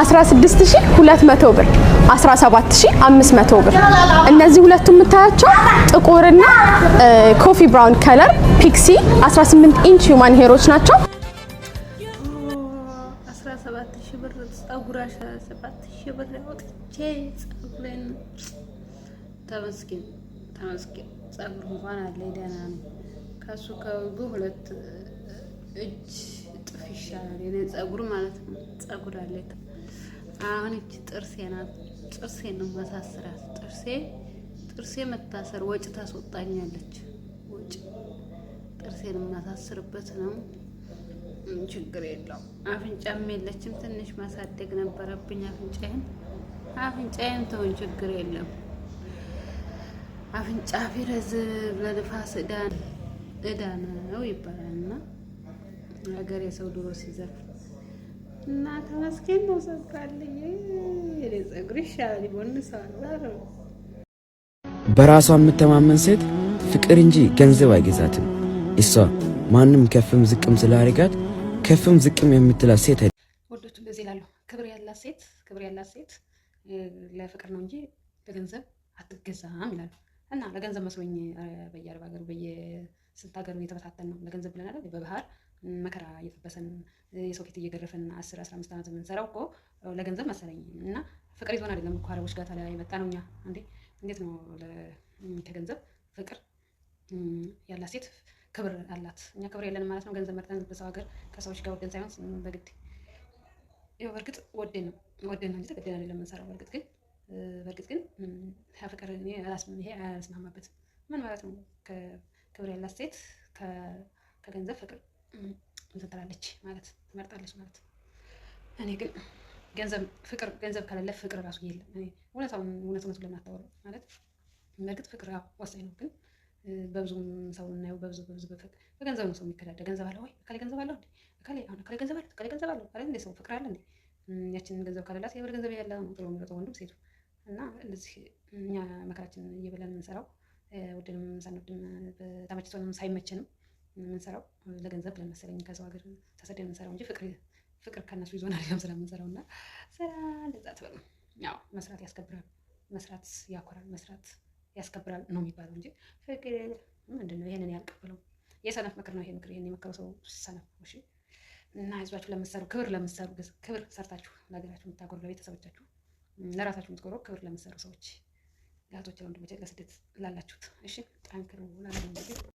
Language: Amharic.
16200 ብር፣ 17500 ብር። እነዚህ ሁለቱ የምታያቸው ጥቁርና ኮፊ ብራውን ከለር ፒክሲ 18 ኢንች ሂውማን ሄሮች ናቸው። ተመስገን ተመስገን ጸጉር እንኳን አለ ደህና ነው። ከሱ ከውጉ ሁለት እጅ እጥፍ ይሻላል። የኔ ጸጉር ማለት ነው። ጸጉር አለ አሁን እቺ ጥርሴ ናት። ጥርሴ ነው ማሳስራት። ጥርሴ ጥርሴ መታሰር ወጭ ታስወጣኛለች። ወጭ ጥርሴን የማሳስርበት ነው። ችግር የለው። አፍንጫም የለችም። ትንሽ ማሳደግ ነበረብኝ አፍንጫዬን። አፍንጫዬን ተውን፣ ችግር የለም። አፍንጫ ቢረዝብ ለንፋስ እዳ ነው ይባላልና ሀገር የሰው ድሮ ሲዘፍ እና ተመስገን ነው። ሰብካለኝ ጸጉር ይሻላል ይሆን ሰዋላ በራሷ የምተማመን ሴት ፍቅር እንጂ ገንዘብ አይገዛትም። እሷ ማንም ከፍም ዝቅም ስላደረጋት ከፍም ዝቅም የምትላት ሴት አይ ወዶቹ እንደዚህ ይላሉ። ክብር ያላት ሴት ክብር ያላት ሴት ለፍቅር ነው እንጂ ለገንዘብ አትገዛም ይላሉ። እና ለገንዘብ መስሎኝ በየአረብ ሀገሩ በየስንት ሀገሩ እየተበታተን ነው። ለገንዘብ ብለን አይደል በባህር መከራ እየጠበሰን የሰው ፊት እየገረፈን አስር አስራ አምስት ዓመት የምንሰራው እኮ ለገንዘብ መሰለኝ እና ፍቅር ይዞን አይደለም እኮ አረቦች ጋር ታዲያ የመጣ ነው እኛ እንዴ እንዴት ነው ከገንዘብ ፍቅር ያላት ሴት ክብር አላት እኛ ክብር የለንም ማለት ነው ገንዘብ መርጠን በሰው ሀገር ከሰዎች ጋር ወደን ሳይሆን በግድ ያው በእርግጥ ወደን ነው ወደን ነው እንጂ ተገደን አይደለም የምንሰራው በእርግጥ ግን በእርግጥ ግን ፍቅር ይሄ አያስማማበትም ምን ማለት ነው ክብር ያላት ሴት ከገንዘብ ፍቅር እንትን ትላለች ማለት ትመርጣለች ማለት። እኔ ግን ገንዘብ ፍቅር ገንዘብ ከሌለ ፍቅር ራሱ የለም። እኔ እውነታውን እውነት እውነቱን ለማታወራው ማለት በእርግጥ ፍቅር ወሳኝ ነው፣ ግን በብዙ ሰው የምናየው በብዙ በብዙ በገንዘብ ነው ሰው የሚከዳደ። ገንዘብ አለ ወይ እከሌ ገንዘብ አለ እከሌ አሁን እከሌ ገንዘብ አለ እከሌ ገንዘብ አለ አለ እንደ ሰው ፍቅር አለ እንዴ? ያችንን ገንዘብ ከሌላት የብር ገንዘብ ያለ ነው ጥሎ የሚሮጠው ወንዱ ሴቱ እና እንደዚህ እኛ መከራችን እየበላን የምንሰራው ውድንም ሳንወድም ተመችቶንም ሳይመቸንም የምንሰራው ለገንዘብ ብለን መሰለኝ ከሰው ሀገር ተሰደን የምንሰራው እንጂ ፍቅር ፍቅር ከእነሱ ይዞን አይደለም ስለምንሰራው እና ስራ እንደዛ ትበሉ። ያው መስራት ያስከብራል፣ መስራት ያኮራል፣ መስራት ያስከብራል ነው የሚባለው እንጂ ፍቅር ምንድን ነው? ይህንን ያልቀበለው የሰነፍ ምክር ነው ይሄ ምክር። ይህን የመከረው ሰው ሰነፍ። እሺ እና ህዝባችሁ ለምትሰሩ ክብር ለምትሰሩ ክብር ሰርታችሁ ለሀገራችሁ የምታጎሩ ለቤተሰቦቻችሁ ለራሳችሁ የምትጎሩ ክብር ለምትሰሩ ሰዎች እህቶች፣ ወንድሞች ለስደት ላላችሁት እሺ ጠንክሩ ላለ